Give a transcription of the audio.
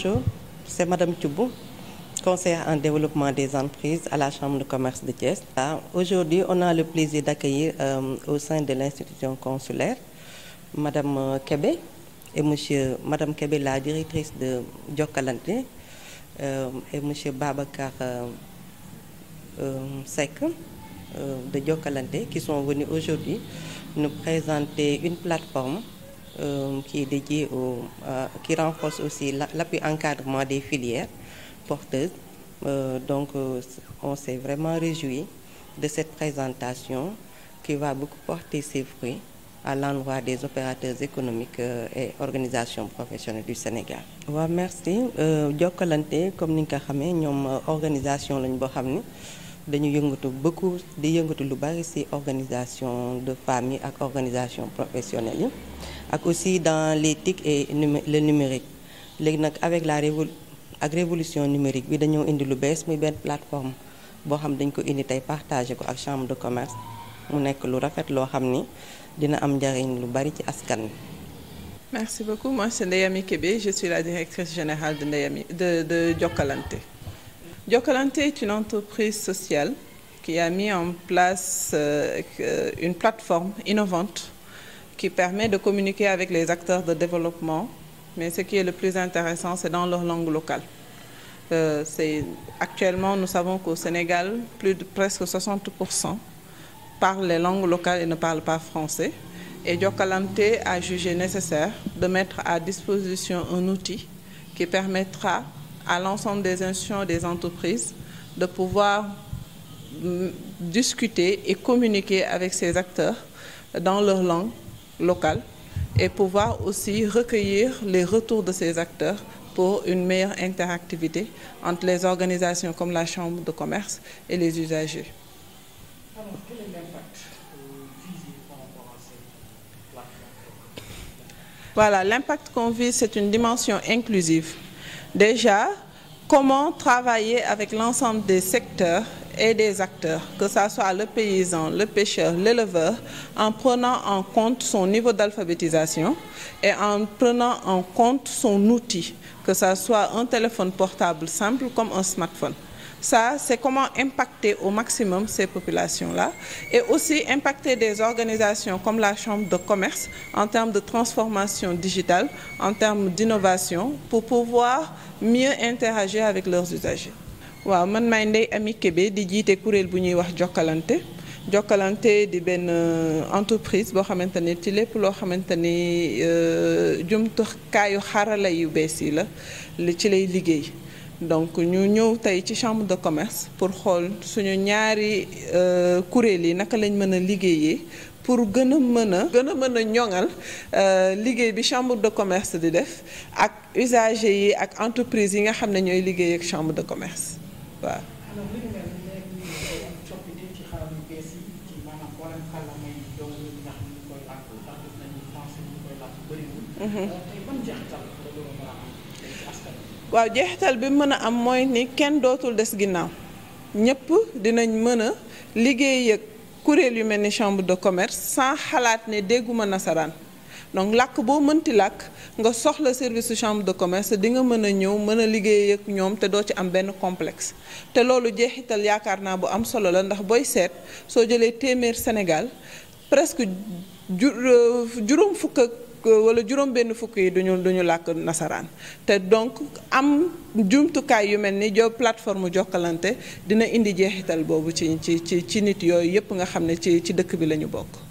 Bonjour, c'est Madame Thioubou, conseillère en développement des entreprises à la Chambre de commerce de Thiès. Ah, aujourd'hui, on a le plaisir d'accueillir euh, au sein de l'institution consulaire Madame euh, Kébé et monsieur, Madame Kébé, la directrice de Diokalante, euh, et Monsieur Babacar euh, euh, euh de Diokalante qui sont venus aujourd'hui nous présenter une plateforme euh, qui est dédié au, à, qui renforce aussi l'appui encadrement des filières porteuses. Euh, donc, euh, on s'est vraiment réjoui de cette présentation qui va beaucoup porter ses fruits à l'endroit des opérateurs économiques euh, et organisations professionnelles du Sénégal. waaw merci euh, Jokkalante comme ni nga ko xamee ñoom organisation lañ boo xam ni dañu yëngatu beaucoup di yëngatu lu bari ci organisation de yi ak organisation professionnelle yi. ak aussi dans l'éthique et le numérique léegi nag avec la révol ak révolution numérique bi dañoo indi lu bees muy benn plateforme boo xam dañ ko indi tey partagé ko ak chambre de commerce mu nekk lu rafet loo xam ni dina am njariñ lu bari ci askan wi. merci beaucoup moi c'est Ndeyami Kébé je suis la directrice générale de de de Jokalante. Jokalante est une entreprise sociale qui a mis en place euh, une plateforme innovante. qui permet de communiquer avec les acteurs de développement. Mais ce qui est le plus intéressant, c'est dans leur langue locale. Euh, actuellement, nous savons qu'au Sénégal, plus de presque 60% parlent les langues locales et ne parlent pas français. Et Diokalante a jugé nécessaire de mettre à disposition un outil qui permettra à l'ensemble des institutions des entreprises de pouvoir mm, discuter et communiquer avec ces acteurs dans leur langue locale et pouvoir aussi recueillir les retours de ces acteurs pour une meilleure interactivité entre les organisations comme la Chambre de commerce et les usagers. Alors, quel est l'impact qu'on vit, c'est une dimension inclusive. Déjà, comment travailler avec l'ensemble des secteurs et des acteurs, que ce soit le paysan, le pêcheur, l'éleveur, en prenant en compte son niveau d'alphabétisation et en prenant en compte son outil, que ce soit un téléphone portable simple comme un smartphone. Ça, c'est comment impacter au maximum ces populations-là et aussi impacter des organisations comme la Chambre de commerce en termes de transformation digitale, en termes d'innovation, pour pouvoir mieux interagir avec leurs usagers. waaw man maay Ndey Ami Kébé di jiite kuréel bu ñuy wax Jokalante Jokalante di benn euh, entreprise boo xamante ne ci lépp loo xamante ni euh, jumtukaayu xarala yu bees yi la ci lay liggéey donc ñu ñëw tey ci chambre de commerce pour xool suñu ñaari euh, kuréel yi naka lañ mën a liggéeyee pour gën a mën a gën a mën a ñoŋal euh, liggéey bi chambre de commerce di def ak usagers yi ak entreprise yi nga xam ne ñooy liggéey ak chambre de commerce waaw. waaw jeexital bi mën a am mooy ni kenn dootul des ginnaaw ñëpp dinañ mën a liggéey ak kuréel yu mel ni chambre de commerce sans xalaat ne dégguma nasaraan donc làkk boo mënti làkk nga soxla service chambre de commerce di nga mën a ñëw mën a liggéey ak ñoom te doo ci am benn complex te loolu jeexital yaakaar naa bu am solo la ndax booy seet soo jëlee téeméer Sénégal presque euh, juróom fukk ak fukk wala juróom benn fukk yi duñu duñu làkk nasaraan te donc am jumtukaay yu mel ni jo plateforme Jokalante dina indi jeexital boobu ci ci ci ci nit yooyu yëpp nga xam ne ci ci dëkk bi la ñu bokk